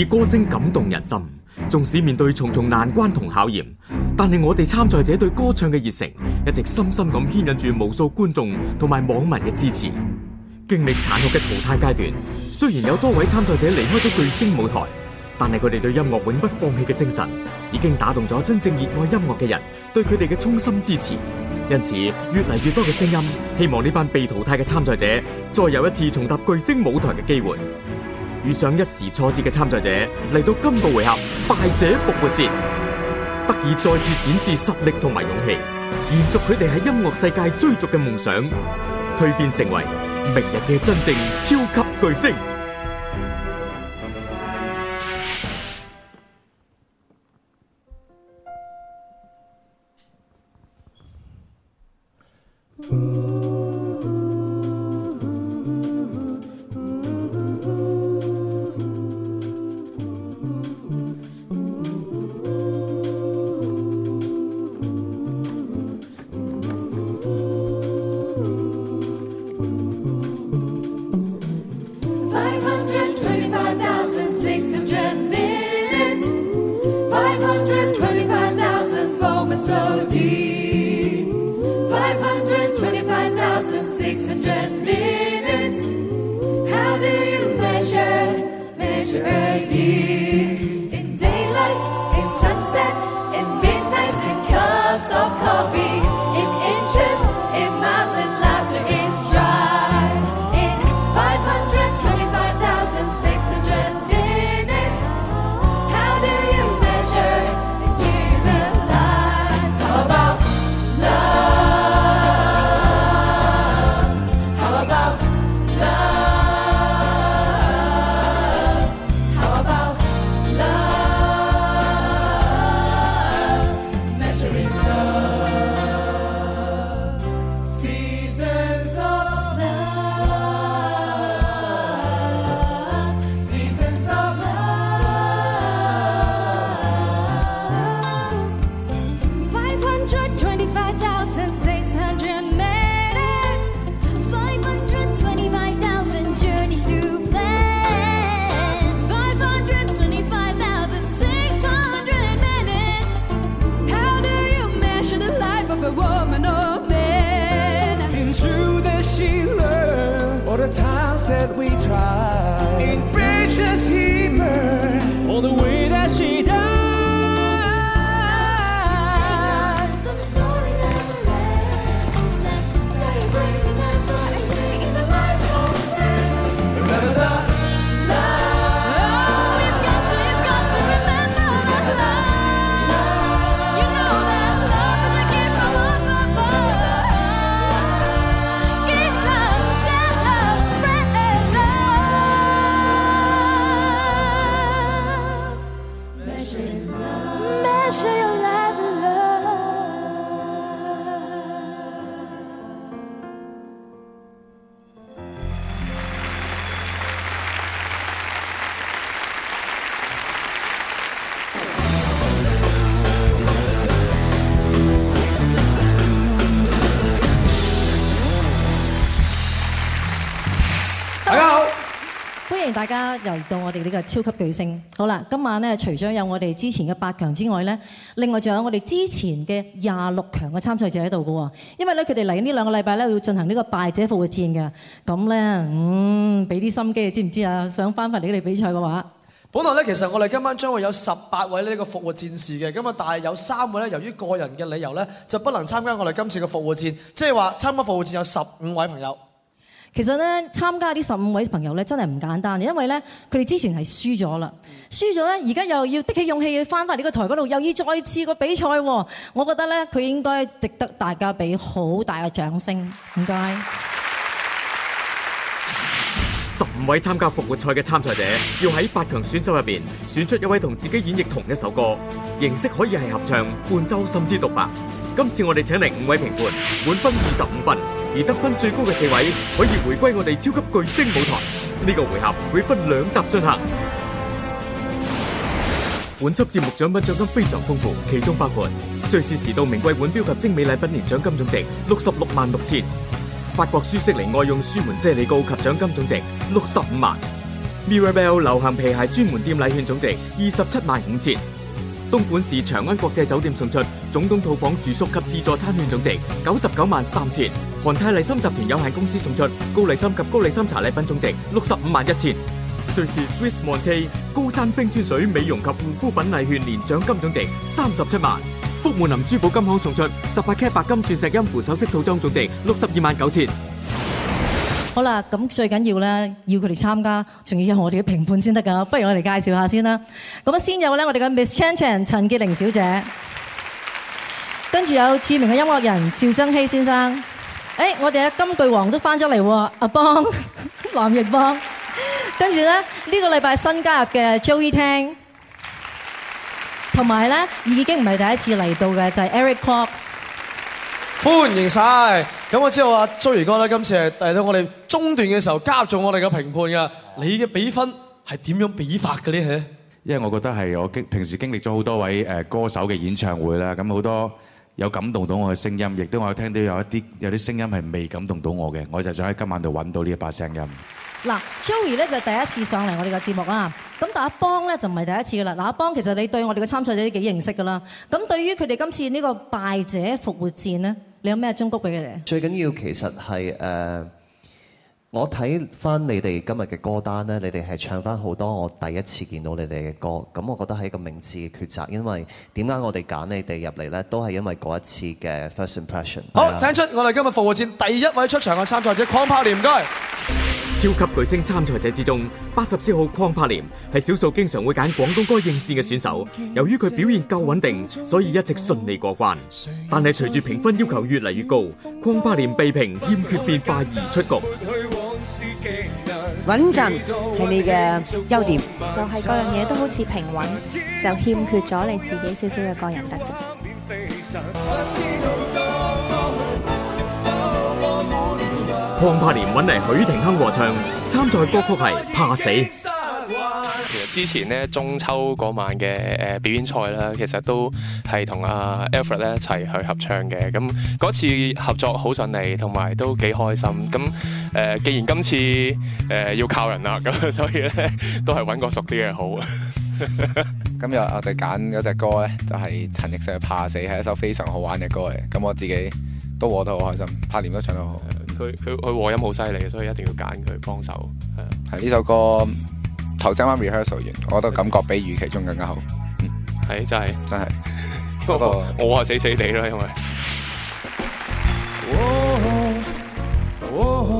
以歌聲感動人心，縱使面對重重難關同考驗，但係我哋參賽者對歌唱嘅熱誠一直深深咁牽引住無數觀眾同埋網民嘅支持。經歷殘酷嘅淘汰階段，雖然有多位參賽者離開咗巨星舞台，但係佢哋對音樂永不放棄嘅精神，已經打動咗真正熱愛音樂嘅人對佢哋嘅衷心支持。因此，越嚟越多嘅聲音希望呢班被淘汰嘅參賽者再有一次重踏巨星舞台嘅機會。遇上一時挫折嘅參賽者嚟到今個回合，敗者復活節，得以再次展示實力同埋勇氣，延續佢哋喺音樂世界追逐嘅夢想，蛻變成為明日嘅真正超級巨星。又到我哋呢個超級巨星，好啦，今晚咧除咗有我哋之前嘅八強之外咧，另外仲有我哋之前嘅廿六強嘅參賽者喺度噶喎。因為咧，佢哋嚟緊呢兩個禮拜咧，要進行呢個敗者復活戰嘅。咁咧，嗯，俾啲心機，知唔知啊？想翻返嚟呢度比賽嘅話，本來咧，其實我哋今晚將會有十八位呢個復活戰士嘅。咁啊，但係有三位咧，由於個人嘅理由咧，就不能參加我哋今次嘅復活戰，即係話參加復活戰有十五位朋友。其實咧，參加呢十五位朋友咧，真係唔簡單，因為咧，佢哋之前係輸咗啦，輸咗咧，而家又要的起勇氣去翻翻呢個台嗰度，又要再次個比賽喎。我覺得咧，佢應該值得大家俾好大嘅掌聲。唔該。五位參加復活賽嘅參賽者，要喺八強選手入邊選出一位同自己演繹同一首歌，形式可以係合唱、伴奏，甚至獨白。今次我哋請嚟五位評判，滿分二十五分，而得分最高嘅四位可以回歸我哋超級巨星舞台。呢個回合會分兩集進行。本輯節目獎品獎金非常豐富，其中包括瑞士時度名貴腕表及精美禮品，年獎金總值六十六萬六千。法國舒適零外用舒緩啫喱膏及獎金總值六十五萬。Mirabelle 流行皮鞋專門店禮券總值二十七萬五千。東莞市長安國際酒店送出總統套房住宿及自助餐券總值九十九萬三千。韓泰麗森集團有限公司送出高麗參及高麗參茶禮品總值六十五萬一千。瑞士 Swiss Montee 高山冰川水美容及護膚品禮券連獎金總值三十七萬。福滿林珠寶金行送出十八 K 白金鑽石音符首飾套裝，總值六十二萬九千。好啦，咁最緊要呢,要佢哋參加,仲要有我哋嘅評判先得㗎。不如我哋介紹下先啦。咁啊，先有呢,我哋嘅 Miss Chan Chan 陳潔玲小姐，跟住有著名嘅音樂人趙增熹先生。欸，我哋嘅金句王都返咗嚟，阿邦，藍奕邦。跟住呢，呢個禮拜新加入嘅 Joey Tang。 同埋咧，已經唔係第一次嚟到嘅就係 Eric Kwok 歡迎晒！咁我知道阿追如哥咧，今次係嚟到我哋中段嘅時候加入咗我哋嘅評判㗎，你嘅比分係點樣比法嘅咧？因為我覺得係我經平時經歷咗好多位歌手嘅演唱會啦，咁好多有感動到我嘅聲音，亦都我有聽到有一啲有啲聲音係未感動到我嘅，我就想喺今晚度揾到呢一把聲音。嗱，Joey 咧就係、第一次上嚟我哋個節目啦。咁但係阿邦咧就唔係第一次噶啦。嗱，阿邦其實你對我哋嘅參賽者都幾認識噶啦。咁對於佢哋今次呢個敗者復活戰呢，你有咩忠告俾佢哋？最緊要其實係誒、呃，我睇翻你哋今日嘅歌單呢，你哋係唱翻好多我第一次見到你哋嘅歌。咁我覺得係一個明智嘅抉擇，因為點解我哋揀你哋入嚟呢？都係因為嗰一次嘅 First Impression，啊。好，請出我哋今日復活戰第一位出場嘅參賽者鄺柏廉，唔該。超級巨星參賽者之中，八十四號鄺柏廉係少數經常會揀廣東歌應戰嘅選手。由於佢表現夠穩定，所以一直順利過關。但係隨住評分要求越嚟越高，鄺柏廉被評欠缺變化而出局。穩陣係你嘅優點，就係各樣嘢都好似平穩，就欠缺咗你自己少少嘅個人特色。鄺柏年搵嚟許廷鏗和唱，參賽歌曲係《怕死》。其實之前咧中秋嗰晚嘅誒表演賽咧，其實都係同阿 Alfred 咧一齊去合唱嘅。咁嗰次合作好順利，同埋都幾開心。咁誒、呃，既然今次誒、呃、要靠人啦，咁所以咧都係搵個熟啲嘅好。 今日我哋揀嗰隻歌咧，就係、是、陳奕迅嘅《怕死》，係一首非常好玩嘅歌嚟。咁我自己都玩得好開心，柏年都唱得好。佢佢佢和音好犀利嘅，所以一定要揀佢幫手，係啊。係呢首歌頭先啱 rehearsal 完，的我都感覺比預期中更加好是。嗯，係真係真係，不 過為我啊 死死地啦，因為。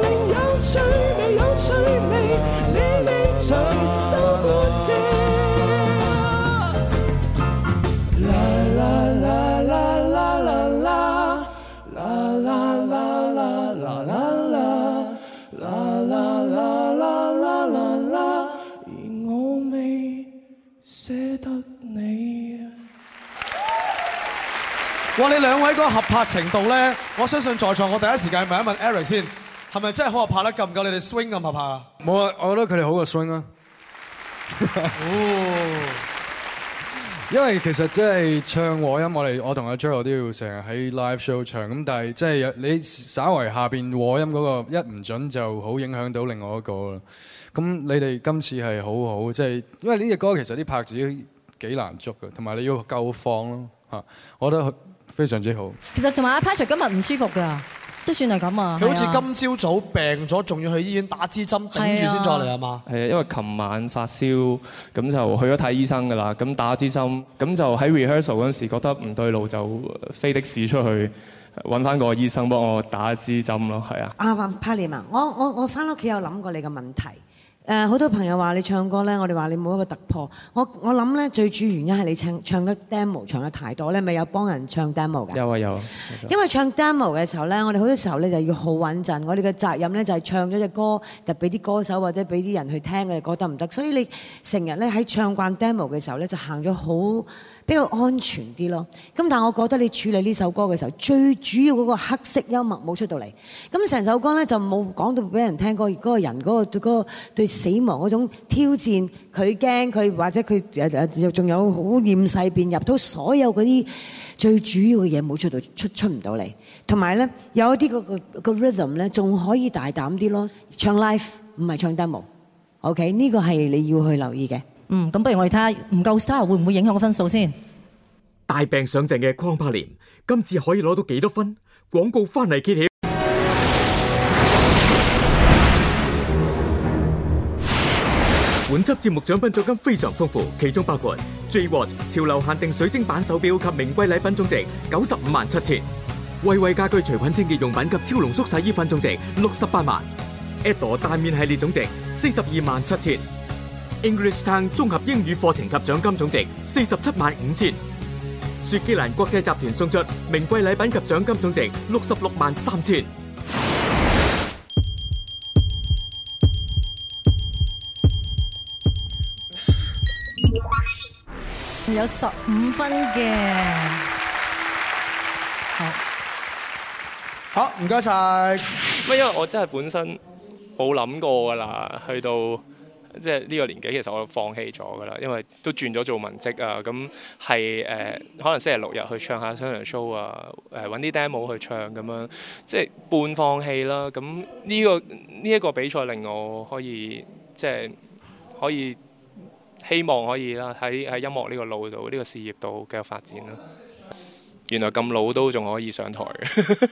兩位嗰合拍程度咧，我相信在座我第一時間問一問 Eric 先，係咪真係好合拍得咁唔夠你哋 swing 咁合拍啊？冇啊，我覺得佢哋好過 swing 啊、 哦！因為其實即係唱和音，我哋我同阿 Jerald 都要成日喺 live show 唱咁，但係即係你稍為下面和音嗰個一唔準，就好影響到另外一個啦。咁你哋今次係好好，即係因為呢隻歌其實啲拍子幾難捉嘅，同埋你要夠放咯吓。我覺得。非常之好。其實同埋阿 Patrick 今日唔舒服噶，都算係咁啊。佢好似今朝早，早病咗，仲要去醫院打支針頂，頂住先再嚟啊嘛。係啊，因為琴晚發燒，咁就去咗睇醫生噶啦。咁打支針，咁就喺 rehearsal 嗰時覺得唔對路，就飛的士出去揾翻個醫生幫我打支針咯。係啊。阿 Patrick 啊，我我我翻屋企有諗過你嘅問題。誒好多朋友話你唱歌咧，我哋話你冇一個突破。我我諗咧，最主要原因係你唱唱嘅 demo 唱得太多咧，咪有幫人唱 demo 㗎？有啊有。啊！因為唱 demo 嘅時候咧，我哋好多時候咧就要好穩陣。我哋嘅責任咧就係唱咗隻歌，就俾啲歌手或者俾啲人去聽嘅歌得唔得？所以你成日咧喺唱慣 demo 嘅時候咧，就行咗好。比較安全啲咯，咁但係我覺得你處理呢首歌嘅時候，最主要嗰個黑色幽默冇出到嚟，咁成首歌呢，就冇講到俾人聽嗰嗰個人嗰、嗰個嗰個對死亡嗰種挑戰，佢驚佢或者佢仲有好厭世，變入到所有嗰啲最主要嘅嘢冇出到出出唔到嚟，同埋呢，有一啲、嗰個、嗰個、嗰個 rhythm 咧仲可以大膽啲咯，唱 life 唔係唱 demo，OK、okay？呢個係你要去留意嘅。嗯，咁不如我哋睇下唔夠 star 會唔會影響個分數先？大病上陣嘅鄺柏廉，今次可以攞到幾多分？廣告翻嚟揭曉。本集節目獎品獎金非常豐富，其中包括 J w 潮流限定水晶版手錶及名貴禮品總值九十五萬七千；惠惠家居除菌清潔用品及超濃縮洗衣粉總值六十八萬 a d o r 大面系列總值四十二萬七千。English Town 綜合英語課程及獎金總值四十七萬五千。雪肌蘭國際集團送出名貴禮品及獎金總值六十六萬三千。有十五分嘅。好，好唔該曬。唔係因為我真係本身冇諗過㗎啦，去到。即係呢個年紀，其實我都放棄咗㗎啦，因為都轉咗做文職啊。咁係誒，可能星期六日去唱下商場 show 啊，誒揾啲 demo 去唱咁樣，即係半放棄啦。咁呢個呢一個比賽令我可以即係可以希望可以啦，喺喺音樂呢個路度、呢個事業度繼續發展啦。原來咁老都仲可以上台嘅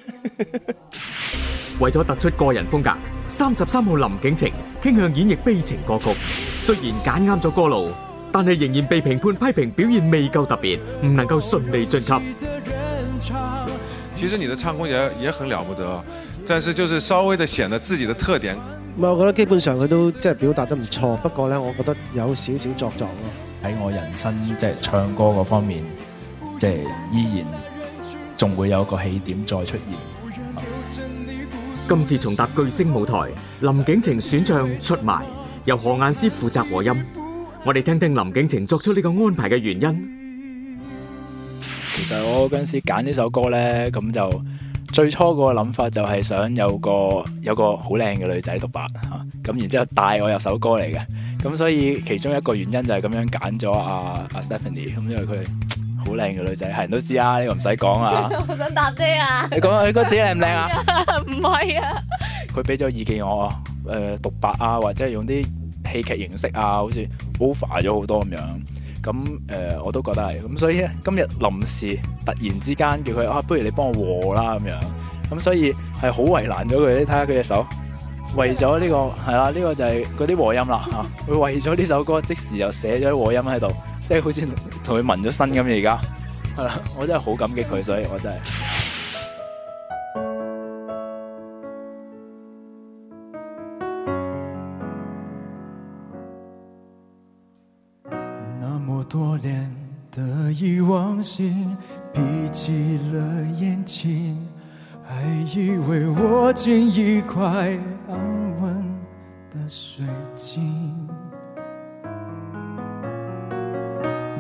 為咗突出個人風格，三十三號林景晴傾向演繹悲情歌曲。雖然揀啱咗歌路，但係仍然被評判批評表現未夠特別，唔能夠順利晉級。其實你的唱功也也很了不得，但是就是稍微的顯得自己的特點。我覺得基本上佢都即係表達得唔錯，不過呢，我覺得有少少作作咯。喺我人生即係唱歌嗰方面，即係依然。仲會有個起點再出現。今次重踏巨星舞台，林景晴選唱出埋，由何雁詩負責和音。我哋聽聽林景晴作出呢個安排嘅原因。其實我嗰陣時揀呢首歌呢，咁就最初個諗法就係想有個有個好靚嘅女仔獨白嚇，咁然之後帶我入首歌嚟嘅。咁所以其中一個原因就係咁樣揀咗阿阿 Stephanie，咁因為佢。好靚嘅女仔，係人都知啊，呢、這個唔使講啊。好想搭遮啊！你講下你個仔靚唔靚啊？唔係啊。佢俾咗意見我，誒、呃，獨白啊，或者用啲戲劇形式啊，好似 over 咗好多咁樣。咁誒、呃，我都覺得係。咁所以咧，今日臨時突然之間叫佢啊，不如你幫我和啦咁樣。咁所以係好為難咗佢。你睇下佢隻手，為咗呢、這個係啦，呢、 這個就係嗰啲和音啦吓。佢為咗呢首歌，即時又寫咗啲和音喺度。即係好似同佢紋咗身咁，而家係啦，我真係好感激佢，所以我真係 那麼多年得意忘形，閉起了眼睛，還以為握緊一塊安穩的水晶。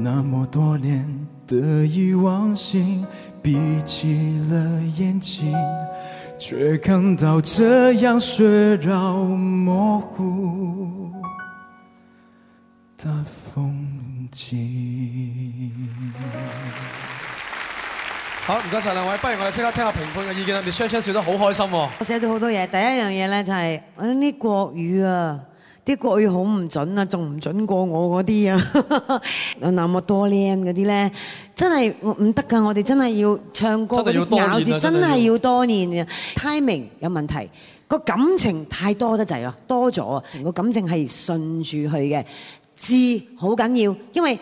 那麼多年得意忘形，閉起了眼睛，卻看到這樣血肉模糊的風景。好，唔該晒兩位，不如我哋即刻聽下評判嘅意見啦。你哋雙雙笑得好開心。我寫咗好多嘢，第一樣嘢咧就係嗰啲國語啊。啲國語好唔準啊，仲唔準過我嗰啲啊！ 有那麼多練嗰啲咧，真係唔得噶。我哋真係要唱歌啲，咬字，真係要多練啊。Timing 有問題，個感情太多得滯咯，多咗啊，個感情係順住去嘅字好緊要，因為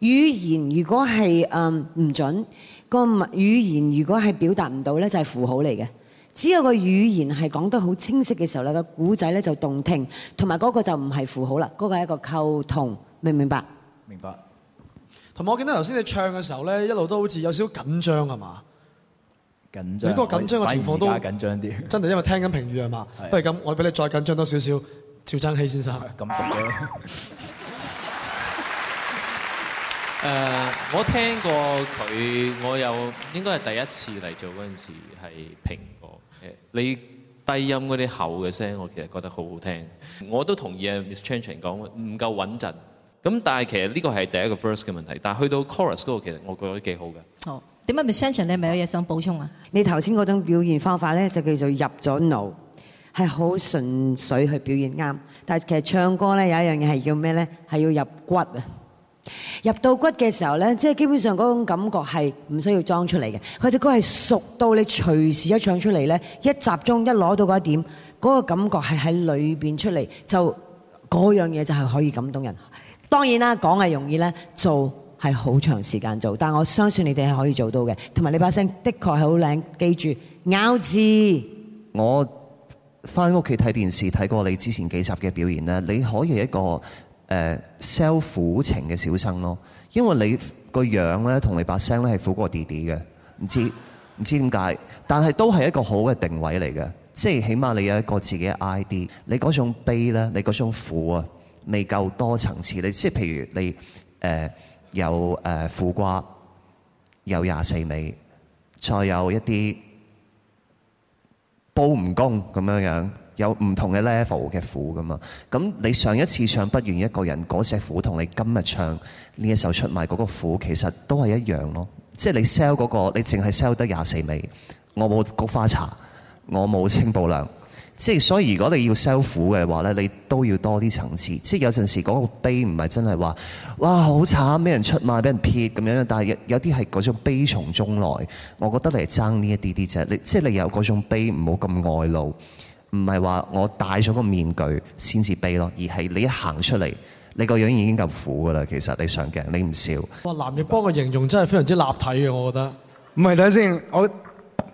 語言如果係嗯唔準個物，語言如果係表達唔到咧，就係符號嚟嘅。只有個語言係講得好清晰嘅時候咧，個古仔咧就動聽，同埋嗰個就唔係符號啦，嗰、嗰個係一個溝通，明唔明白？明白。同埋我見到頭先你唱嘅時候咧，一路都好似有少少緊張吖嘛？緊張。你嗰個緊張嘅情況都更加緊張啲。真係因為聽緊評語吖嘛？不如咁，我俾你再緊張多少少，趙增熹先生。咁熟、 uh, 我聽過佢，我又應該係第一次嚟做嗰陣時係評語。你低音嗰啲厚嘅聲，我其實覺得好好聽。我都同意啊，Miss Chan Chan 講唔夠穩陣。咁但係其實呢個係第一個 verse 嘅問題，但係去到 chorus 嗰度，其實我覺得幾好嘅。哦，點解 Miss Chan Chan 你係咪有嘢想補充啊？你頭先嗰種表現方法咧，就叫做入咗腦，係好純粹去表現啱。但係其實唱歌咧有一樣嘢係叫咩咧？係要入骨啊！入到骨嘅時候呢，即係基本上嗰種感覺係唔需要裝出嚟嘅，佢隻歌係熟到你隨時一唱出嚟呢，一集中一攞到嗰一點，嗰個感覺係喺裏邊出嚟，就嗰樣嘢就係可以感動人。當然啦，講係容易呢，做係好長時間做，但我相信你哋係可以做到嘅。同埋你把聲的確係好靚，記住，咬字。我翻屋企睇電視睇過你之前幾集嘅表演呢，你可以一個。誒、uh, sell 苦情嘅小生咯，因為你個樣咧同你把聲咧係苦過弟弟嘅，唔知唔知點解，但係都係一個好嘅定位嚟嘅，即係起碼你有一個自己嘅 ID，你嗰種悲咧，你嗰種苦啊，未夠多層次，你即係譬如你誒、uh, 有誒苦瓜，有廿四味，再有一啲煲唔公咁樣樣。有唔同嘅 level 嘅苦噶嘛？咁你上一次唱不願一個人嗰隻苦，同你今日唱呢一首出賣嗰個苦，其實都係一樣咯。即係你 sell 嗰個，你淨係 sell 得廿四味。我冇菊花茶，我冇清補涼。即係所以，如果你要 sell 苦嘅話呢，你都要多啲層次。即係有陣時嗰個悲唔係真係話哇好慘，俾人出賣，俾人撇咁樣。但係有啲係嗰種悲從中來。我覺得你係爭呢一啲啲啫。你即係你有嗰種悲，唔好咁外露。唔係話我戴咗個面具先至悲咯，而係你一行出嚟，你個樣已經夠苦噶啦。其實你上鏡，你唔笑。哇！藍月波嘅形容真係非常之立體嘅，我覺得。唔係睇下先，我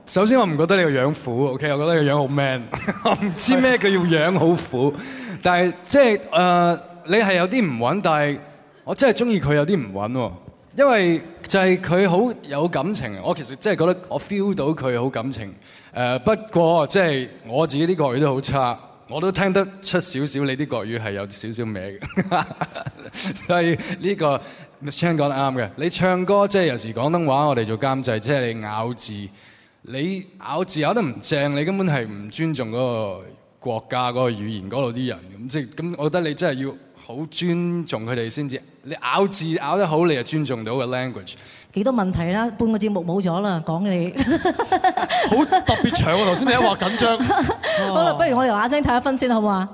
首先我唔覺得你個樣苦，OK？我覺得你個樣好 man。 我唔知咩叫要樣好苦， 但係即係誒，你係有啲唔穩，但係我真係中意佢有啲唔穩，因為。就係佢好有感情，我其實真係覺得我 feel 到佢好感情。誒不過即係、就是、我自己啲國語都好差，我都聽得出少少你啲國語係有少少歪嘅。所以呢個 Michelle 講得啱嘅，你唱歌即係、就是、有時候廣東話我哋做監製，即、就、係、是、你咬字，你咬字咬得唔正，你根本係唔尊重嗰個國家嗰、那個語言嗰度啲人。咁即係咁，我覺得你真係要。好尊重佢哋先至，你咬字咬得好，你就尊重到個 language。幾多問題啦？半個節目冇咗啦，講你。好特別長啊！頭先你一話緊張。好啦，不如我哋嗱聲睇一分先，好唔好啊？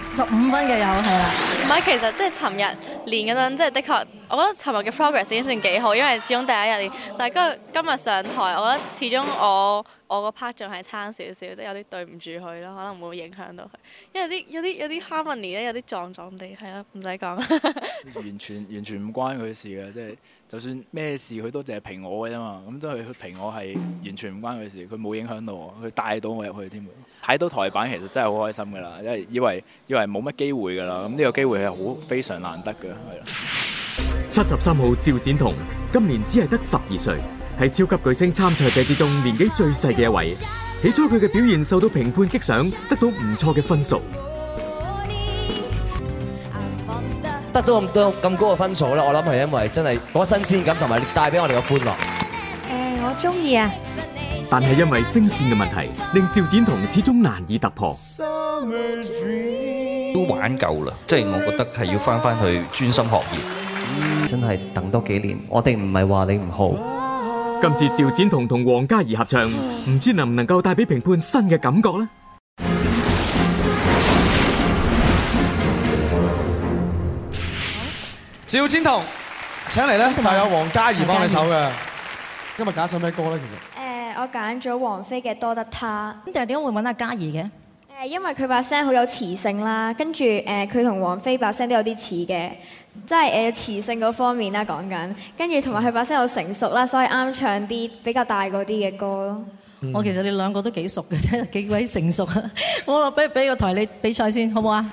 十五分嘅有係啦。唔係，其實即係尋日練嗰陣，即係的確。我覺得尋日嘅 progress 已經算幾好，因為始終第一日。但係今日今日上台，我覺得始終我我個 part 仲係差少少，即係有啲對唔住佢咯，可能會影響到佢。因為啲有啲有啲 harmony 咧，有啲撞撞地，係啊，唔使講。完全完全唔關佢事嘅，即係就算咩事佢都淨係評我嘅啫嘛。咁都係佢評我係完全唔關佢事，佢冇影響到我，佢帶到我入去添。睇到台板其實真係好開心㗎啦，因為以為以為冇乜機會㗎啦。咁呢個機會係好非常難得㗎，係。七十三號趙展彤今年只係得十二歲，係超級巨星參賽者之中年紀最細嘅一位。起初佢嘅表現受到評判激賞，得到唔錯嘅分數，得到咁多咁高嘅分數啦。我諗係因為真係嗰新鮮感，同埋帶俾我哋嘅歡樂。誒，我中意啊！但係因為聲線嘅問題，令趙展彤始終難以突破。都玩夠啦，即係我覺得係要翻翻去專心學業。真係等多幾年，我哋唔係話你唔好。今次趙展彤同王嘉怡合唱，唔知能唔能夠帶俾評判新嘅感覺呢？趙展彤，請嚟咧就是，有王嘉怡幫你手嘅。今日揀首咩歌咧？其實，誒，我揀咗王菲嘅《多得他》。點解點解會揾阿嘉怡嘅？誒、呃，因為佢把聲好有磁性啦，呃、跟住誒，佢同王菲把聲都有啲似嘅。即係誒磁性嗰方面啦，講緊，跟住同埋佢把聲好成熟啦，所以啱唱啲比較大嗰啲嘅歌咯、嗯。我其實你兩個都幾熟嘅，幾鬼成熟啊！我俾俾個台你比賽先，好唔好啊？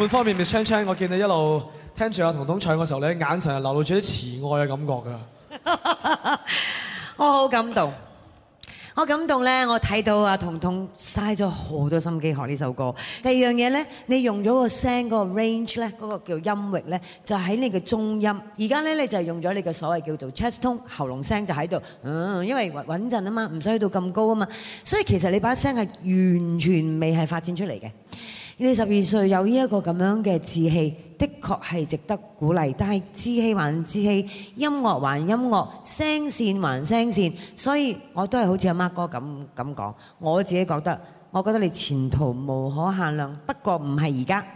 半方面面唱唱，我見你一路聽住阿彤彤唱嘅時候咧，你眼神係流露出啲慈愛嘅感覺㗎 我好感動，我感動咧。我睇到阿彤彤嘥咗好多心機學呢首歌。第二樣嘢咧，你用咗個聲個 range 咧，嗰個叫音域咧，就喺你嘅中音。而家咧，你就係用咗你嘅所謂叫做 chest tone 喉嚨聲，就喺度。嗯，因為穩陣啊嘛，唔使去到咁高啊嘛。所以其實你把聲係完全未係發展出嚟嘅。你十二歲有呢一個咁樣嘅志氣，的確係值得鼓勵。但係志氣還志氣，音樂還音樂，聲線還聲線，所以我都係好似阿 Mark 哥咁咁講。我自己覺得，我覺得你前途無可限量。不過唔係而家，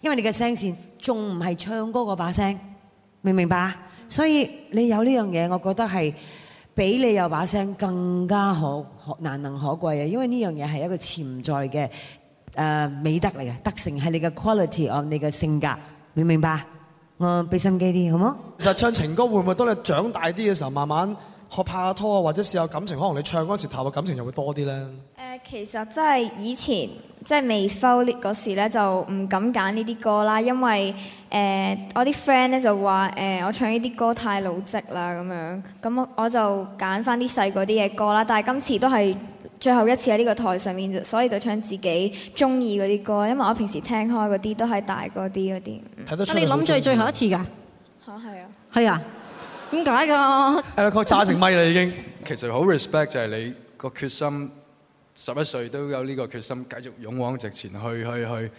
因為你嘅聲線仲唔係唱歌嗰把聲，明唔明白？所以你有呢樣嘢，我覺得係比你有把聲更加可難能可貴啊！因為呢樣嘢係一個潛在嘅。誒，美德嚟嘅德性係你嘅 quality 哦，你嘅性格，明唔明白？我俾心機啲好冇？其實唱情歌會唔會當你長大啲嘅時候，慢慢學拍下拖啊，或者試下感情，可能你唱嗰時投入感情又會多啲咧？誒，其實真係以前即係未婚嗰時咧，就唔敢揀呢啲歌啦，因為誒我啲 friend 咧就話誒我唱呢啲歌太老積啦咁樣，咁我就揀翻啲細個啲嘅歌啦。但係今次都係。最後一次喺呢個台上面，所以就唱自己中意嗰啲歌，因為我平時聽開嗰啲都係大嗰啲啲。睇得出。你諗住最後一次㗎？嚇、哦、係啊！係啊！點解㗎？Eric 揸成咪啦已經。其實好 respect 就係你個決心，十一歲都有呢個決心，繼續勇往直前去去去。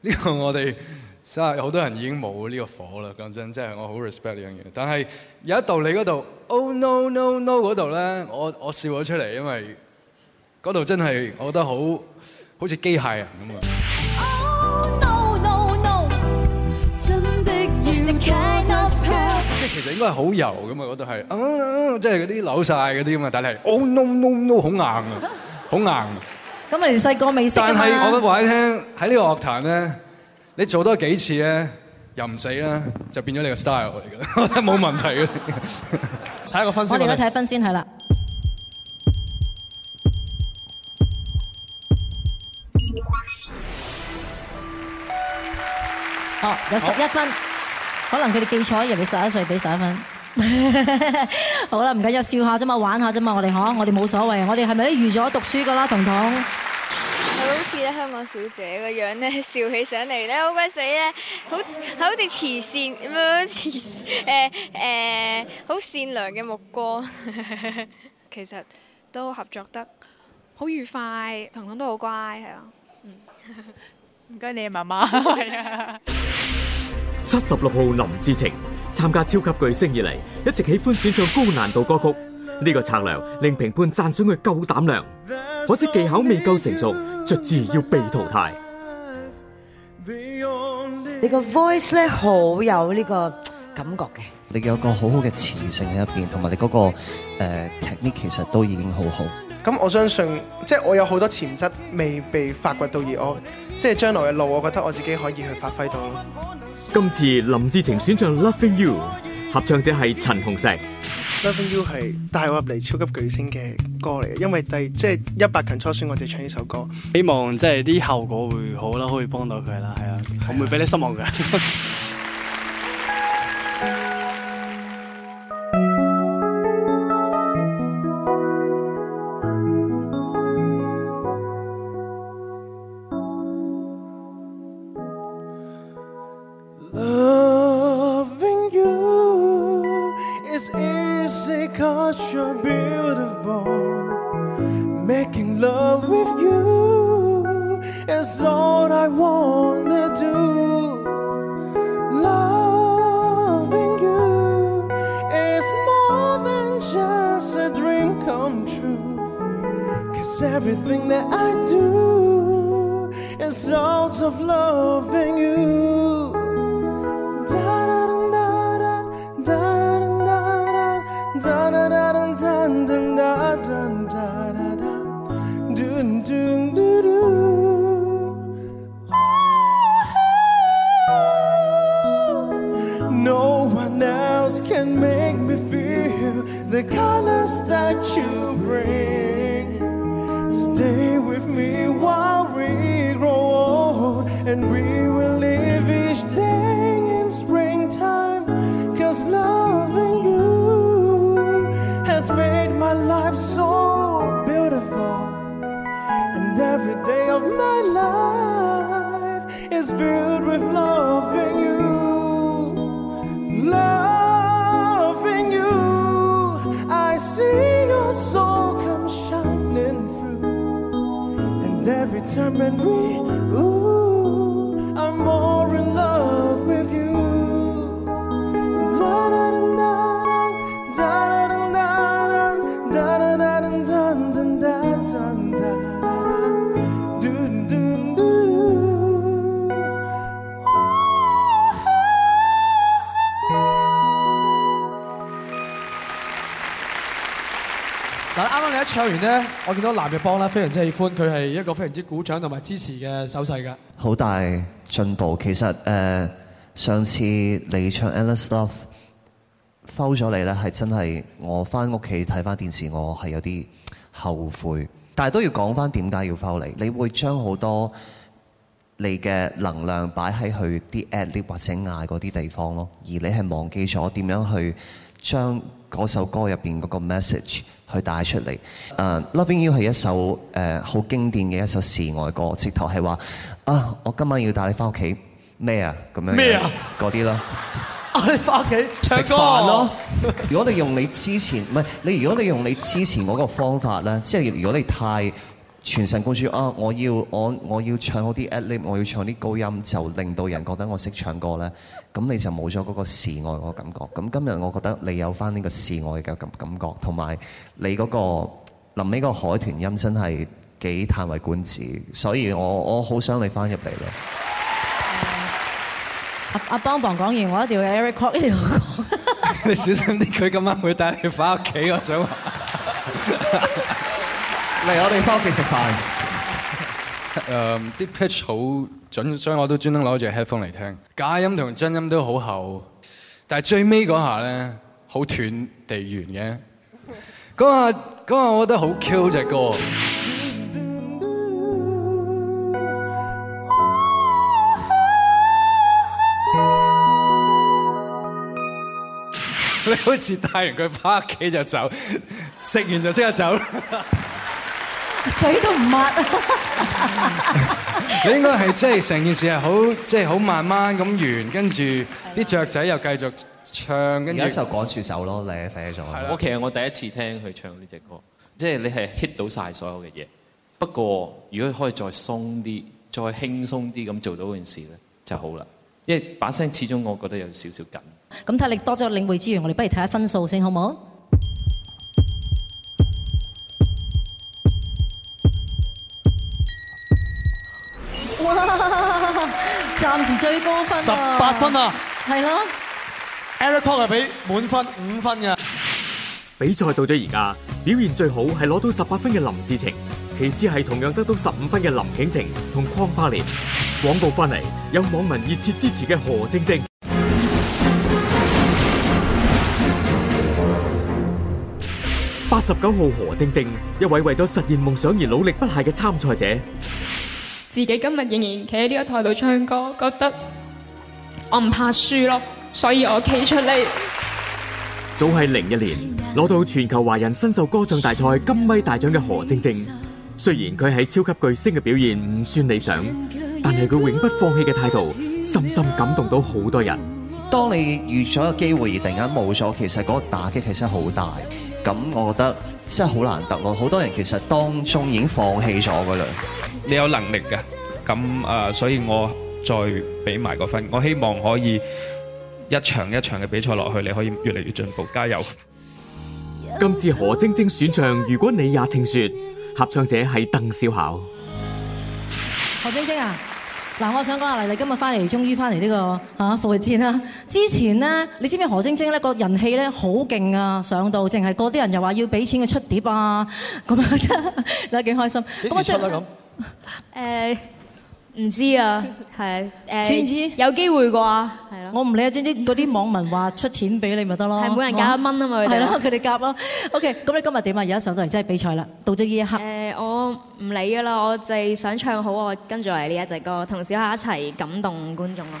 呢、這個我哋真係好多人已經冇呢個火啦，講真，即係我好 respect 呢樣嘢。但係有一度你嗰度，oh no no no 嗰度咧，我我笑咗出嚟，因為。嗰度真係，我覺得好好似機械人咁啊！即係其實應該係好油咁啊，嗰度係，嗯，即係嗰啲扭曬嗰啲啊嘛，但係，oh no no no，好硬啊，好硬啊！咁咪細個未識啊嘛！但係我話你聽，喺呢個樂壇咧，你做多幾次咧，又唔死啦，就變咗你個 style 嚟㗎，冇問題㗎。睇個分析。我哋而家睇分先係啦。Oh, 有十一分，可能佢哋記錯，又俾十一歲俾十一分。 好啦，唔緊要，笑下啫嘛，玩下啫嘛，我哋呵，我哋冇所謂，我哋係咪都預咗讀書噶啦，彤彤。好似咧香港小姐個樣咧，笑起上嚟咧，好鬼死咧，好係好似慈善咁樣慈誒誒，好善、欸欸、善良嘅目光。 其實都合作得好愉快，彤彤都好乖，係咯。唔 該你媽媽。 七十六號林志晴參加超級巨星以嚟，一直喜歡選唱高難度歌曲。呢、這個策略令評判讚賞佢夠膽量，可惜技巧未夠成熟，直至要被淘汰。你個 voice 咧好有呢個感覺嘅，你有個好好嘅磁性喺一邊，同埋你嗰、那個誒 technique、呃、其實都已經好好。咁我相信，即係我有好多潛質未被發掘到，而我即係將來嘅路，我覺得我自己可以去發揮到咯。今次林志晴選唱《Loving You》，合唱者係陳紅石。《Loving You》係帶我入嚟超級巨星嘅歌嚟嘅，因為第即係一百強初選我哋唱呢首歌，希望即係啲效果會好啦，可以幫到佢啦，係啊，我唔會俾你失望㗎。 當然咧，我見到男嘅幫咧，非常之喜歡，佢係一個非常之鼓掌同埋支持嘅手勢嘅。好大進步，其實誒、呃，上次你唱《Endless Love》foul 咗你咧，係真係我翻屋企睇翻電視，我係有啲後悔。但係都要講翻點解要 foul 嚟。你，你會將好多你嘅能量擺喺去啲 ad 聲或者嗌嗰啲地方咯，而你係忘記咗點樣去將。嗰首歌入邊嗰個 message 去帶出嚟。誒，Loving You 係一首誒好經典嘅一首示愛歌，直頭係話啊，我今晚要帶你翻屋企咩啊咁樣咩啊嗰啲咯。啊，你翻屋企食飯咯。如果你用你之前唔係你，如果你用你之前嗰個方法咧，即係如果你太。全神貫注啊！我要我我要唱好啲 a l e 我要唱啲高音，就令到人覺得我識唱歌咧。咁你就冇咗嗰個示愛嗰感覺。咁今日我覺得你有翻呢個示愛嘅感感覺，同埋你嗰個臨尾個海豚音真係幾嘆為觀止。所以我我好想你翻入嚟咯。阿阿邦王講完，我一條 Eric Kwok 一小心啲，佢今晚會帶你翻屋企。我想話嚟我哋翻屋企食飯。誒、 嗯，啲 pitch 好準，所以我都專登攞住 headphone 嚟聽。假音同真音都好厚，但係最尾嗰下咧，好斷地完嘅。嗰 下我覺得好 Q 隻歌。 你好似帶完佢翻屋企就走，食 完就即刻走。 嘴都唔抹 你應該係即係成件事係好即係好慢慢咁完，跟住啲雀仔又繼續唱，跟住而家就趕住走咯，舐死咗。我其實我第一次聽佢唱呢隻歌，即係你係 hit 到晒所有嘅嘢。不過如果可以再鬆啲、再輕鬆啲咁做到件事咧，就好啦。因為把聲始終我覺得有少少緊。咁睇你多咗領會資源，我哋不如睇下分數先，好唔好？暫時最高分啊！十八分啊！係咯，Eric Kong 係俾滿分五分嘅。比賽到咗而家，表現最好係攞到十八分嘅林志晴，其次係同樣得到十五分嘅林景晴同鄺柏廉。廣告翻嚟有網民熱切支持嘅何晶晶，八十九號何晶晶，一位為咗實現夢想而努力不懈嘅參賽者。自己今日仍然企喺呢個台度唱歌，覺得我唔怕輸咯，所以我企出嚟。早喺零一年攞到全球華人新秀歌唱大賽金咪大獎嘅何晶晶，雖然佢喺超級巨星嘅表現唔算理想，但係佢永不放棄嘅態度，深深感動到好多人。當你遇咗個機會而突然間冇咗，其實嗰個打擊其實好大。咁我覺得真係好難得咯。好多人其實當中已經放棄咗噶啦。你有能力嘅，咁誒，所以我再俾埋個分。我希望可以一場一場嘅比賽落去，你可以越嚟越進步，加油！今次何晶晶選唱，如果你也聽説，合唱者係鄧小巧。何晶晶啊，嗱，我想講下麗麗今日翻嚟，終於翻嚟呢個啊復活戰啦。之前呢，你知唔知何晶晶呢個人氣咧好勁啊，上到淨係嗰啲人又話要俾錢嘅出碟啊，咁樣真係你都幾開心。幾時出啊咁？誒，唔知啊，係誒，有機會啩，係咯。我唔理啊，總之嗰啲網民話出錢俾你咪得咯，係每人夾一蚊啊嘛，係咯，佢哋夾咯。OK，咁你今日點啊？而家上到嚟真係比賽啦，到咗呢一刻。誒，我唔理噶啦，我就係想唱好，我跟住嚟呢一隻歌，同小夏一齊感動觀眾咯。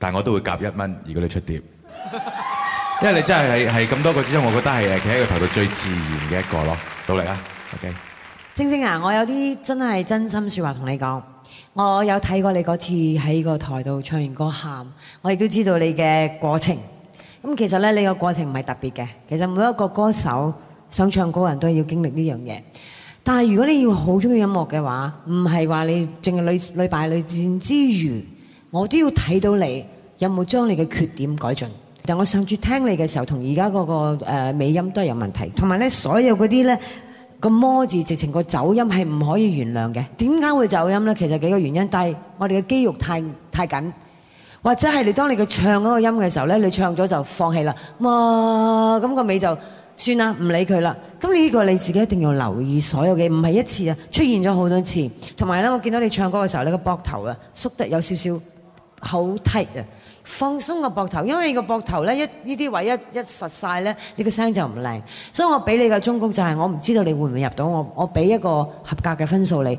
但我都會夾一蚊，如果你出碟，因為你真係係係咁多個之中，我覺得係企喺個台度最自然嘅一個咯。努力啊，OK。晶晶啊，我有啲真係真心説話同你講，我有睇過你嗰次喺個台度唱完歌喊，我亦都知道你嘅過程。咁其實咧，你個過程唔係特別嘅。其實每一個歌手想唱歌人都係要經歷呢樣嘢。但係如果你要好中意音樂嘅話，唔係話你淨係屢屢敗屢戰之餘。我都要睇到你有冇將你嘅缺點改進。但我上次聽你嘅時候，同而家嗰個誒、呃、尾音都係有問題。同埋咧，所有嗰啲咧個魔字直情個走音係唔可以原諒嘅。點解會走音咧？其實幾個原因。但係我哋嘅肌肉太太緊，或者係你當你嘅唱嗰個音嘅時候咧，你唱咗就放棄啦。哇！咁個尾就算啦，唔理佢啦。咁呢個你自己一定要留意所有嘅，唔係一次啊，出現咗好多次。同埋咧，我見到你唱歌嘅時候，你個膊頭啊縮得有少少。好踢啊！放鬆個膊頭，因為個膊頭咧一呢啲位一一實晒咧，你個聲就唔靚。所以我俾你個忠告，就係我唔知道你會唔會入到我，我俾一個合格嘅分數你。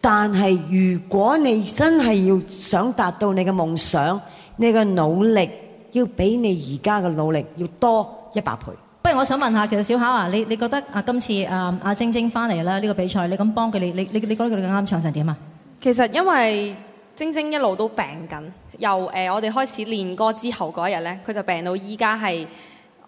但係如果你真係要想達到你嘅夢想，你嘅努力要比你而家嘅努力要多一百倍。不如我想問下，其實小巧啊，你你覺得啊今次啊阿晶晶翻嚟啦呢個比賽，你咁幫佢，你你你覺得佢哋啱啱唱成點啊？其實因為。晶晶一路都病緊，由誒我哋開始練歌之後嗰一日咧，佢就病到依家係。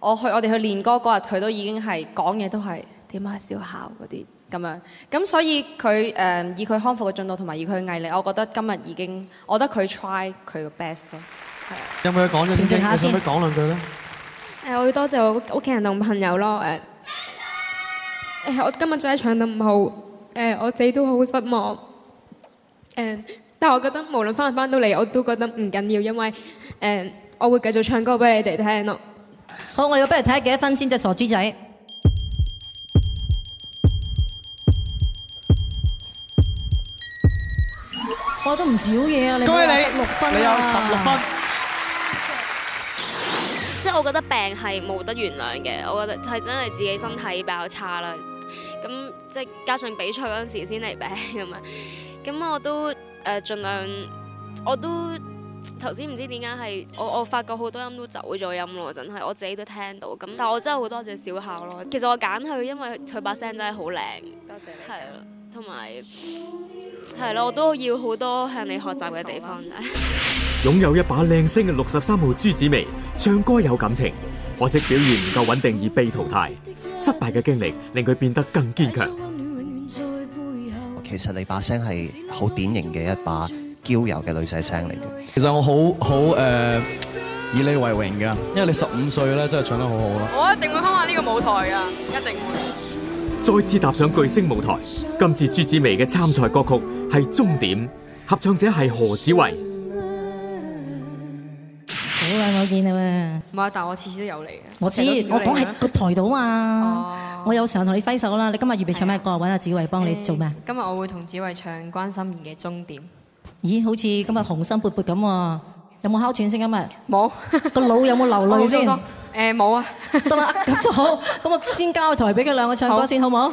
我去我哋去練歌嗰日佢都已經係講嘢都係點啊燒烤嗰啲咁樣，咁所以佢誒以佢康復嘅進度同埋以佢嘅毅力，我覺得今日已經，我覺得佢 try 佢嘅 best 咯。係啊。有冇講聽聽？晶晶，你使唔使講兩句咧？誒，我要多謝我屋企人同朋友咯。誒、啊，誒、啊啊，我今日真係唱得唔好，誒、啊，我自己都好失望。誒、啊。但係，我覺得無論翻唔翻到嚟，我都覺得唔緊要，因為誒、呃，我會繼續唱歌俾你哋聽咯。好，我哋不如睇下幾多分先，隻傻豬仔，我都唔少嘢啊！恭喜你六分，你有十六分。即 係 我覺得病係冇得原諒嘅，我覺得係真係自己身體比較差啦。咁即係加上比賽嗰陣時先嚟病咁啊，咁我都。誒、uh，儘量我都頭先唔知點解係我我發覺好多音都走咗音咯，真係我自己都聽到。咁，但我真係好多謝小巧咯。其實我揀佢，因為佢把聲真係好靚，多謝，係咯，同埋係咯，我都要好多向你學習嘅地方。擁有一把靚聲嘅六十三號朱子薇，唱歌有感情，可惜表現唔夠穩定而被淘汰。失敗嘅經歷令佢變得更堅強。其實你把聲係好典型嘅一把嬌柔嘅女仔聲嚟嘅。其實我好好誒以你為榮噶，因為你十五歲咧真係唱得好好啊！我一定會翻下呢個舞台噶，一定會。再次踏上巨聲舞台，今次朱子薇嘅參賽歌曲係《終點》，合唱者係何子維。我見啊嘛，唔係，但係我次次都有嚟嘅。我知，我講係個台度啊。我有時候同你揮手啦。你今日預備唱咩歌？揾阿紫慧幫你做咩？今日我會同紫慧唱《關心妍嘅終點》。咦，好似今日雄心勃勃咁喎，有冇哮喘聲今日？冇。個腦有冇流淚先？誒，冇啊。得啦，咁就好。咁我先交台俾佢兩個唱歌先，好冇？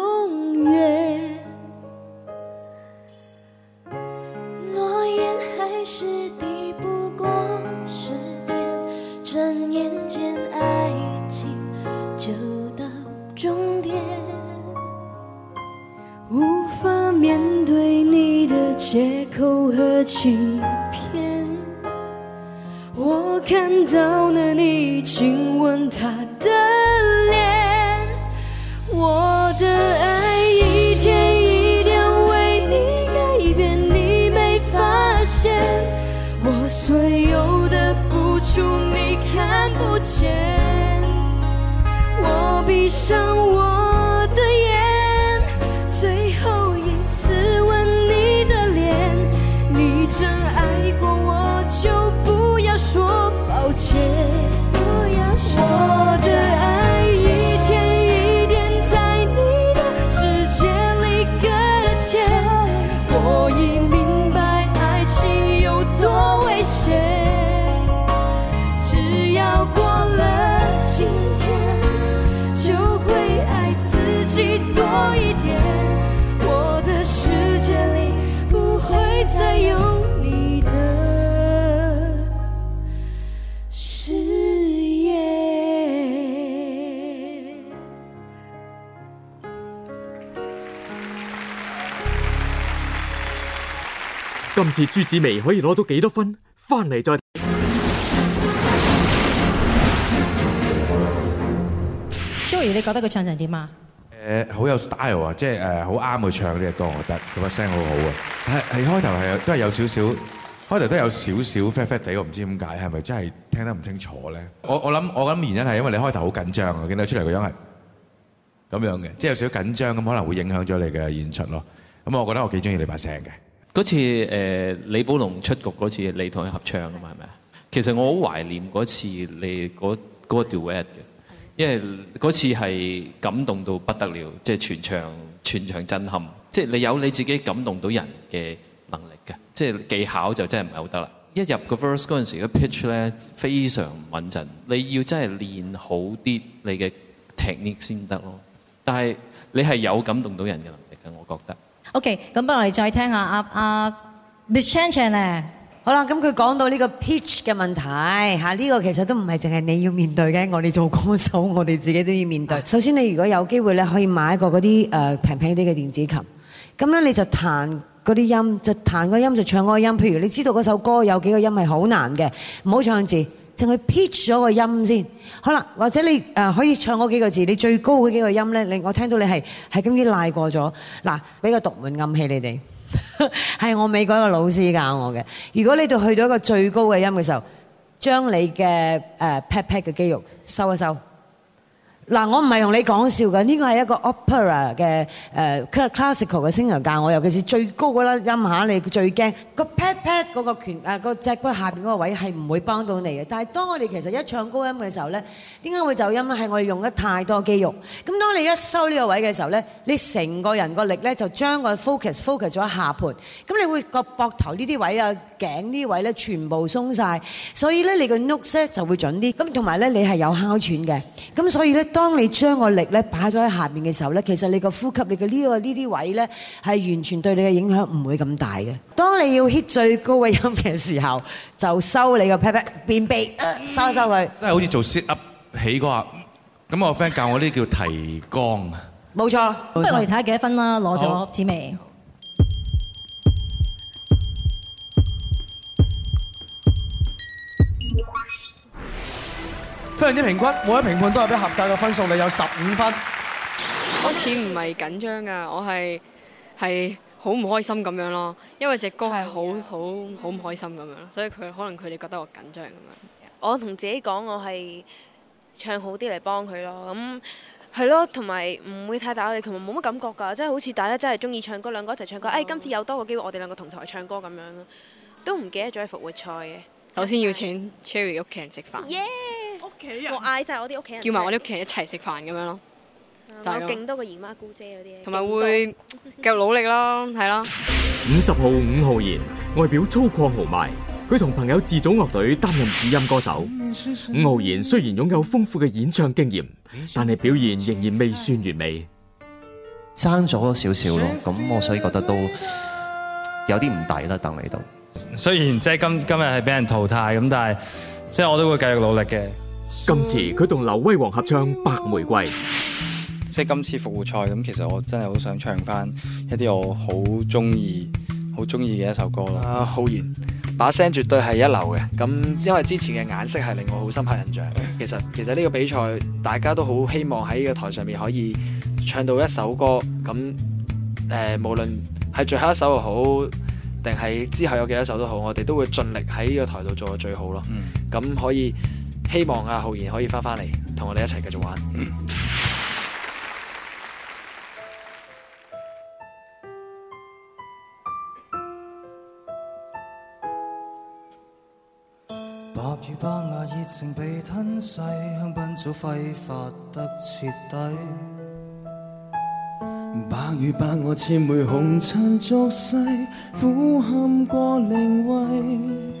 今次朱子薇可以攞到幾多分？翻嚟再。Joey 你覺得佢唱成點啊？誒，好有 style 啊！即係誒，好啱佢唱呢啲歌，我覺得的很好。佢把聲好好啊！係係開頭係都係有少少，開頭都有少少 fade fade 地，我唔知點解，係咪真係聽得唔清楚咧？我我諗我諗原因係因為你開頭好緊張啊！我見到出嚟個樣係咁樣嘅，即係有少少緊張咁，可能會影響咗你嘅演出咯。咁我覺得我幾中意你把聲嘅。嗰次誒、呃、李寶龍出局，嗰次，你同佢合唱啊嘛，係咪啊？其實我好懷念嗰次你嗰、那個那個 duet 嘅，因為嗰次係感動到不得了，即、就、係、是、全場全場震撼，即、就、係、是、你有你自己感動到人嘅能力嘅，即、就、係、是、技巧就真係唔係好得啦。一入個 verse 嗰陣時嘅、那個、pitch 咧非常唔穩陣，你要真係練好啲你嘅 technique 先得咯。但係你係有感動到人嘅能力嘅，我覺得。OK，咁不如我哋再聽下阿啊、呃呃、Miss Chen Chan 呢好啦，咁佢講到呢個 pitch 嘅問題，嚇呢個其實都唔係淨係你要面對嘅，我哋做歌手，我哋自己都要面對。首先，你如果有機會呢可以買一個嗰啲誒平平啲嘅電子琴，咁呢你就彈嗰啲音，就彈個音，就，彈音就唱個音譬。譬如你知道嗰首歌有幾個音係好難嘅，唔好唱字。淨係 pitch 咗個音先，好啦，或者你誒可以唱嗰幾個字，你最高嗰幾個音咧，你我聽到你係係咁次賴過咗。嗱，俾個獨門暗器你哋，係我美國一個老師教我嘅。如果你到去到一個最高嘅音嘅時候，將你嘅誒 pat pat 嘅肌肉收一收。嗱，我唔係同你講笑㗎，呢個係一個 opera 嘅誒 classical 嘅聲音教我，尤其是最高嗰粒音，嚇你最驚個 pat pat 嗰個拳誒個脊骨下邊嗰個位係唔會幫到你嘅。但係當我哋其實一唱高音嘅時候咧，點解會走音咧？係我哋用得太多肌肉。咁當你一收呢個位嘅時候咧，你成個人個力咧就將個 focus focus 咗下盤。咁你會個膊頭呢啲位啊、頸呢位咧全部鬆晒，所以咧你個 note 就會準啲。咁同埋咧你係有哮喘嘅，咁所以咧當當你將個力咧擺咗喺下面嘅時候咧，其實你個呼吸、你嘅呢個呢啲位咧，係完全對你嘅影響唔會咁大嘅。當你要 hit 最高嘅音嘅時候，就收你個 pat pat，便秘收收佢。都係好似做 sit up 起嗰下，咁我 friend 教我呢叫提肛啊。冇錯，不如我哋睇下幾多分啦，攞咗紙未？非常之平均，每一個評判都有啲合格嘅分數，你有十五分。開始唔係緊張噶，我係係好唔開心咁樣咯，因為隻歌係好好好唔開心咁樣，所以佢可能佢哋覺得我緊張咁樣。我同自己講，我係唱好啲嚟幫佢咯。咁係咯，同埋唔會太大，我哋同埋冇乜感覺噶，即係好似大家真係中意唱歌，兩個一齊唱歌。誒、嗯哎，今次有多個機會，我哋兩個同台唱歌咁樣咯，都唔記得咗係復活賽嘅。首、嗯、先，要請 Cherry 屋企人食飯。Yeah! 我嗌晒我啲屋企人，叫埋我啲屋企人一齊食飯咁樣咯、嗯，就有勁多個姨媽姑姐嗰啲，同埋會繼續努力咯，係 咯。五十號伍浩然外表粗獷豪邁，佢同朋友自組樂隊，擔任主音歌手。伍浩然雖然擁有豐富嘅演唱經驗，但係表現仍然未算完美。爭咗少少咯，咁我所以覺得都有啲唔抵啦，等你到。雖然即係今今日係俾人淘汰咁，但係即係我都會繼續努力嘅。今次佢同劉威王合唱《白玫瑰》，即係今次復活賽咁。其實我真係好想唱翻一啲我好中意、好中意嘅一首歌咯。啊，浩然把聲絕對係一流嘅。咁因為之前嘅顏色係令我好深刻印象。哎、其實其實呢個比賽，大家都好希望喺呢個台上面可以唱到一首歌。咁誒、呃，無論係最後一首又好，定係之後有幾多首都好，我哋都會盡力喺呢個台度做到最好咯。咁、嗯、可以。希望阿浩然可以翻返嚟，同我哋一齊繼續玩。白與白，百百熱情被吞噬，香檳早揮發得徹底。白與白，我千回紅塵作勢，苦堪過靈位。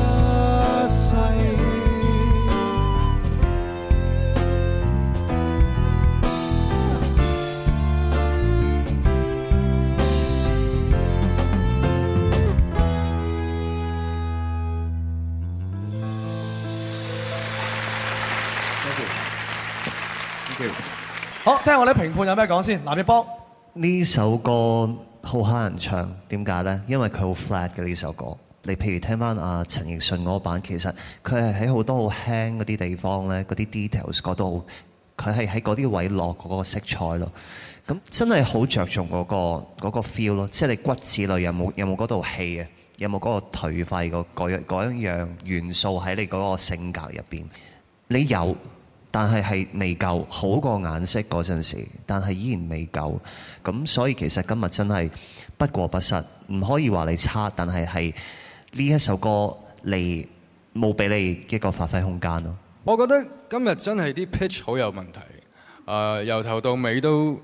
好聽下我啲評判有咩講先？嗱，你幫呢首歌好蝦人唱，點解咧？因為佢好 flat 嘅呢首歌。你譬如聽翻阿陳奕迅嗰版，其實佢係喺好多好輕嗰啲地方咧，嗰啲 details 嗰度，佢係喺嗰啲位落嗰個色彩咯。咁真係好着重嗰、嗰個 feel 咯、嗰個，即係你骨子裏有冇有冇嗰度氣啊？有冇嗰個頹廢嗰樣元素喺你嗰個性格入邊？你有。但係係未夠好過眼色嗰陣時，但係依然未夠，咁所以其實今日真係不過不失，唔可以話你差，但係係呢一首歌嚟冇俾你一個發揮空間咯。我覺得今日真係啲 pitch 好有問題，誒、呃、由頭到尾都，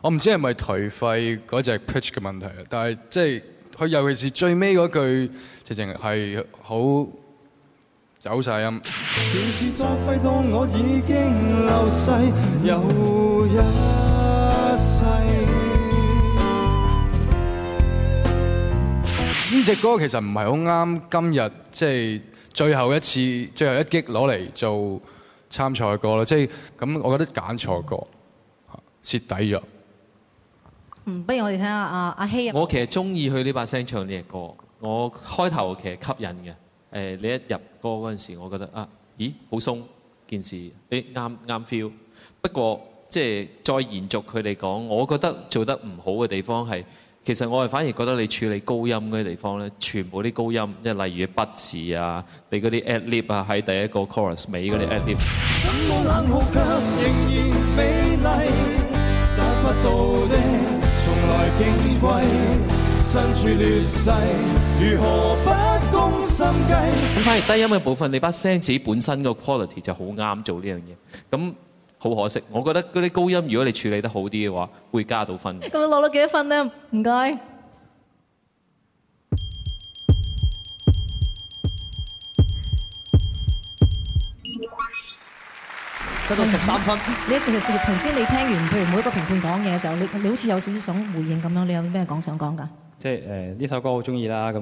我唔知係咪頹廢嗰隻 pitch 嘅問題，但係即係佢尤其是最尾嗰句直情係好。走晒音。呢隻歌其實唔係好啱今日，即係最後一次，最後一擊攞嚟做參賽歌啦。即係咁，我覺得揀錯歌，蝕底咗。嗯，不如我哋聽下阿阿希。我其實中意佢呢把聲唱呢隻歌，我開頭其實吸引嘅。誒你一入歌嗰陣時，我覺得啊，咦好鬆件事，誒啱啱 feel。不過即係再延續佢哋講，我覺得做得唔好嘅地方係，其實我係反而覺得你處理高音嗰啲地方咧，全部啲高音，即係例如筆字啊，你嗰啲 ad-lib 啊，喺第一個 chorus 尾嗰啲 ad-lib。咁反而低音嘅部分，你把聲自己本身個 quality 就好啱做呢樣嘢。咁好可惜，我覺得嗰啲高音，如果你處理得好啲嘅話，會加到分。咁你攞咗幾多分呢？唔該。得到十三分。哎呀，你其實頭先你聽完，譬如每一個評判講嘢嘅時候，你你好似有少少想回應咁樣，你有咩講想講噶？即係誒呢首歌好中意啦，咁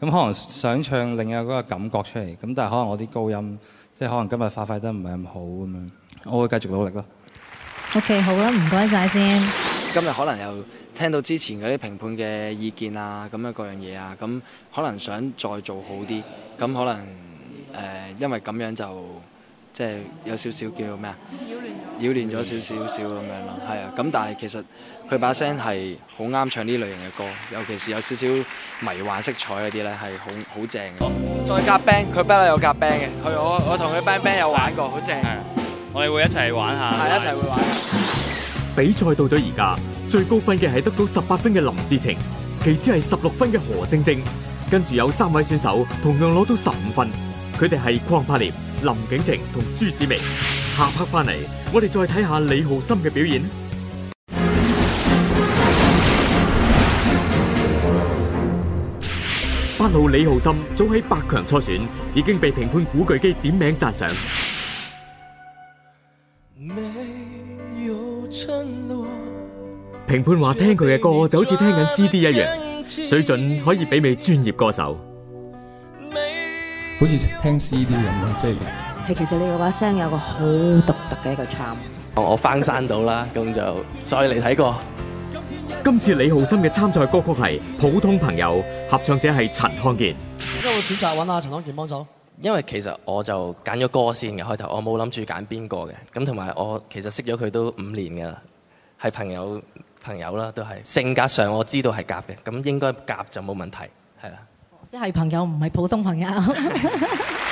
咁可能想唱另外一個感覺出嚟，咁但係可能我啲高音，即係可能今日發揮得唔係咁好咁樣，我會繼續努力咯。O.K. 好啦，唔該晒先。今日可能又聽到之前嗰啲評判嘅意見啊，咁樣各樣嘢啊，咁可能想再做好啲，咁可能誒、呃、因為咁樣就即係有少少叫咩啊？擾亂咗，擾亂咗少少少咁樣啦。係啊，咁但係其實。佢把聲係好啱唱呢類型嘅歌，尤其是有少少迷幻色彩嗰啲咧，係好好正嘅。再夾 b a n 佢 b a 有夾 b a n 嘅，佢我我同佢 b a n b a n 有玩過，好正。我哋會一齊玩一下，係一齊會玩。比賽到咗而家，最高分嘅係得到十八分嘅林志晴，其次係十六分嘅何晶晶，跟住有三位選手同樣攞到十五分，佢哋係鄺柏廉、林景晴同朱子明。下拍翻嚟，我哋再睇下李浩森嘅表演。花路李浩森早喺百強初選，已經被評判古巨基點名讚賞。評判話聽佢嘅歌就好似聽緊 C D 一樣，水準可以媲美專業歌手好，好似聽 C D 咁樣。即係，係其實你個把聲有個好獨特嘅一個 charm。我翻山到啦，咁就再嚟睇過。今次李浩森嘅參賽歌曲係《普通朋友》，合唱者係陳漢健。點解會選擇揾阿陳漢健幫手？因為其實我就揀咗歌先嘅開頭，我冇諗住揀邊個嘅。咁同埋我其實識咗佢都五年噶啦，係朋友朋友啦，都係性格上我知道係夾嘅，咁應該夾就冇問題，係啦。即係朋友唔係普通朋友。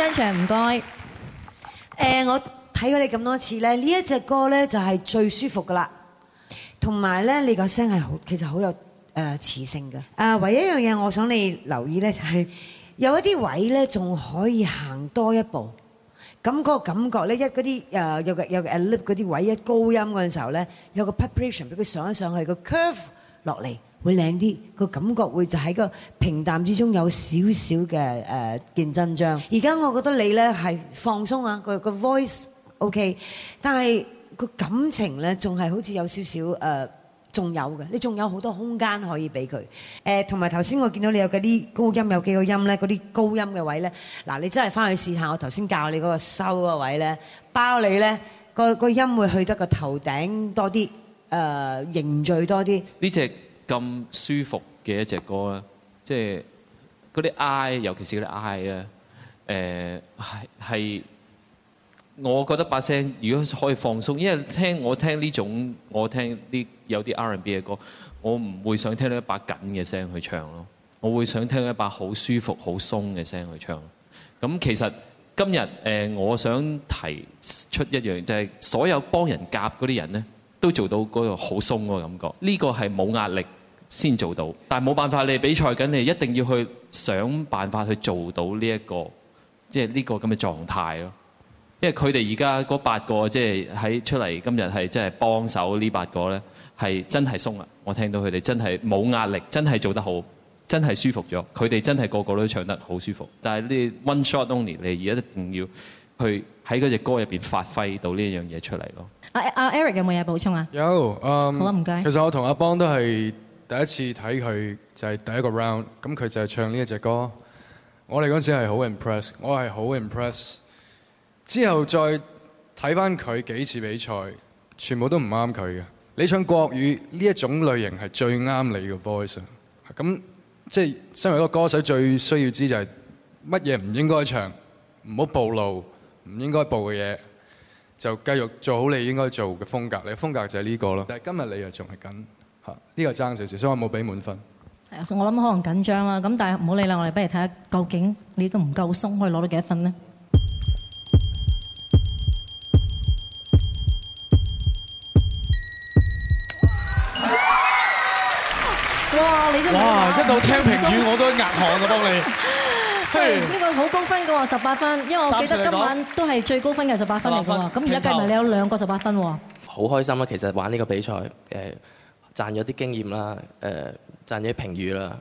張卓唔該，誒，我睇過你咁多次咧，呢一隻歌咧就係最舒服噶啦，同埋咧你個聲係好，其實好有誒磁性嘅。啊，唯一一樣嘢我想你留意咧，就係有一啲位咧仲可以行多一步，咁個感覺咧一啲誒有個有個 lift 嗰啲位，一高音陣時候咧有個 preparation 俾佢上一上去，個 curve 落嚟。會靚啲，個感覺會就喺個平淡之中有少少嘅誒、呃、見真章。而家我覺得你咧係放鬆啊，個個 voice OK，但係個感情咧仲係好似有少少誒，仲、呃、有嘅，你仲有好多空間可以俾佢。同埋頭先我見到你有嗰啲高音有幾個音咧，嗰啲高音嘅位咧，嗱你真係翻去試下，我頭先教你嗰個收嗰位咧，包你咧、個個音會去得個頭頂多啲，誒、呃、凝聚多啲。呢隻咁舒服嘅一隻歌咧，即係嗰啲 I，尤其是嗰啲 I 咧，誒係係，我覺得把聲如果可以放鬆，因為聽我聽呢種，我聽啲有啲 R&B 嘅歌，我唔會想聽到一把緊嘅聲去唱咯，我會想聽到一把好舒服、好鬆嘅聲去唱。咁其實今日誒，我想提出一樣，就係所有幫人夾嗰啲人咧，都做到嗰個好鬆嗰個感覺，呢個係冇壓力。先做到，但係冇辦法，你比賽緊，你一定要去想辦法去做到呢一個，即係呢個咁嘅狀態咯。因為佢哋而家嗰八個，即係喺出嚟今日係真係幫手呢八個呢係真係鬆啦。我聽到佢哋真係冇壓力，真係做得好，真係舒服咗。佢哋真係個個都唱得好舒服。但係你 one shot only，你而家一定要去喺嗰隻歌入邊發揮到呢樣嘢出嚟咯。阿阿 Eric 有冇嘢補充啊？有，呃、好啊，唔該。其實我同阿邦都係。第一次睇佢就係、是、第一個 round，咁佢就係唱呢一隻歌。我哋嗰陣時係好 impress，我係好 impress。之後再睇翻佢幾次比賽，全部都唔啱佢嘅。你唱國語呢一種類型係最啱你嘅 voice。咁即係身為一個歌手，最需要知道就係乜嘢唔應該唱，唔好暴露，唔應該曝嘅嘢，就繼續做好你應該做嘅風格。你嘅風格就係呢、這個咯。但係今日你又仲係緊。呢個爭少少，所以我冇俾滿分。係啊，我諗可能緊張啦。咁但係唔好理啦，我哋不如睇下究竟你都唔夠鬆，可以攞到幾多分呢？哇！你都哇！一到聽評語，我都額汗啊！幫你。呢個好高分㗎喎，十八分。因為我記得今晚都係最高分嘅十八分嚟㗎喎。咁而家計埋你有兩個十八分喎。好開心啊！其實玩呢個比賽誒。賺咗啲經驗啦，誒、呃、賺咗啲評語啦。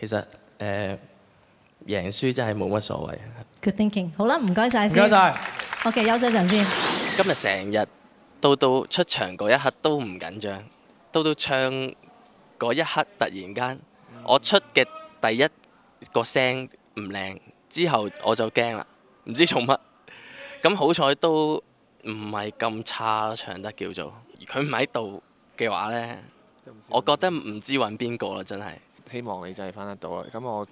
其實誒、呃、贏輸真係冇乜所謂。Good thinking，好啦，唔該晒先。唔該曬，OK，休息陣先。今日成日到到出場嗰一刻都唔緊張，到到唱嗰一刻突然間我出嘅第一個聲唔靚，之後我就驚啦，唔知做乜。咁好彩都唔係咁差，唱得叫做佢唔喺度嘅話呢。我覺得唔知揾邊個啦，真係。希望你真係返得到啦。咁我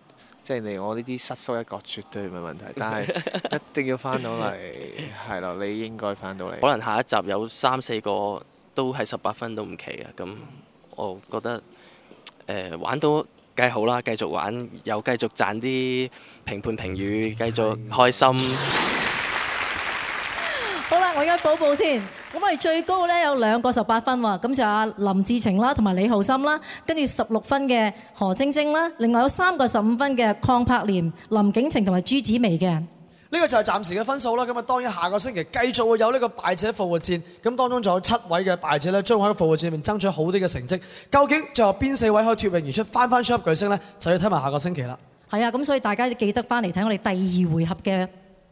即係、就是、你，我呢啲失收一角絕對唔係問題，但係一定要返到嚟。係 啦，你應該返到嚟。可能下一集有三四個都係十八分都唔奇啊。咁我覺得誒、呃、玩都計好啦，繼續玩，又繼續賺啲評判評語，繼續開心。 大家報報先，咁我哋最高咧有兩個十八分喎，咁就阿林志晴啦，同埋李浩森啦，跟住十六分嘅何晶晶啦，另外有三個十五分嘅鄺柏蓮、林景晴同埋朱紫薇嘅。呢、這個就係暫時嘅分數啦，咁啊當然下個星期繼續會有呢個敗者復活戰，咁當中仲有七位嘅敗者咧，將會喺復活戰入面爭取好啲嘅成績。究竟最後邊四位可以脫穎而出，翻翻出級巨星咧，就要睇埋下個星期啦。係啊，咁所以大家記得翻嚟睇我哋第二回合嘅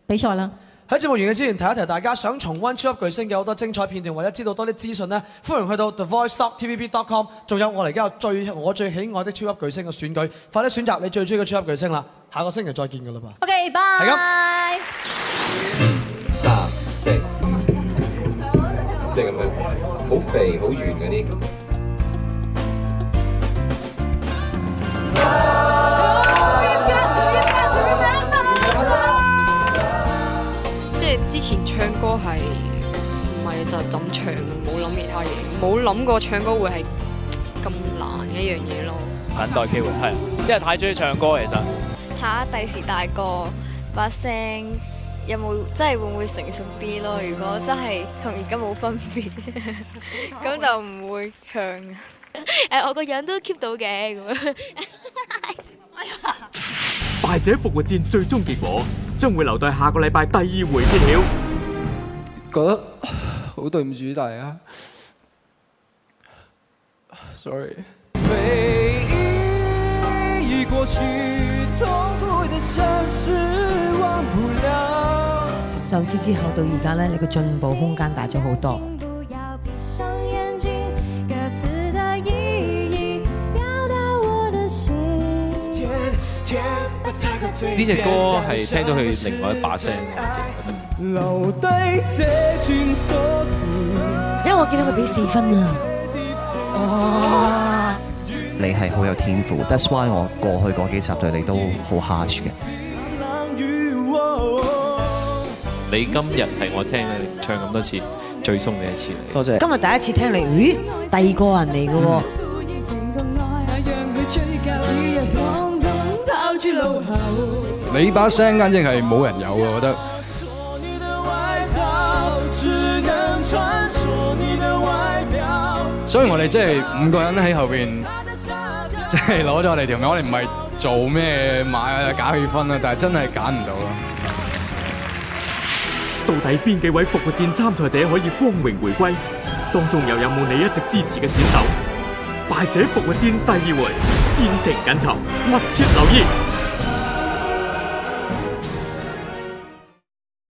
比賽啦。喺節目完嘅之前提一提，大家想重温超級巨星嘅好多精彩片段，或者知道多啲資訊呢？歡迎去到 thevoicehk.tvb.com，仲有我哋而家有最我最喜愛的超級巨星嘅選舉，快啲選擇你最中意嘅超級巨星啦！下個星期再見㗎喇嘛。OK，bye、bye。係咁。三、四，即係咁樣，好肥好圓嗰啲。唱歌係唔係就咁唱？冇諗其他嘢，冇諗過唱歌會係咁難嘅一樣嘢咯。等待機會係，因為太中意唱歌其實。睇下第時大個把聲有冇真係會唔會成熟啲咯，哦？如果真係同而家冇分別，咁，哦、 就唔會唱。誒， 呃，我個樣都 keep 到嘅咁。敗 者復活戰最終結果將會留待下個禮拜第二回揭曉。覺得好對唔住大家，sorry。上次之後到而家呢，你嘅進步空間大咗好多。呢隻歌係聽到佢另外一把聲，我覺得。留低呢串鎖匙，因為我見到佢俾四分啦，啊，你係好有天賦，That's why 我過去嗰幾集對你都好 harsh 嘅。你今日係我聽你唱咁多次最鬆嘅一次，多謝，謝。今日第一次聽你，咦，第二個人嚟㗎喎。你把聲簡直係冇人有啊，我覺得。所以我哋即係五個人喺後邊，即係攞咗我哋條命。我哋唔係做咩買，買假氣氛啊，但係真係揀唔到啊！到底邊幾位復活戰參賽者可以光榮回歸？當中又有冇你一直支持嘅選手？敗者復活戰第二回，戰情緊湊，密切留意。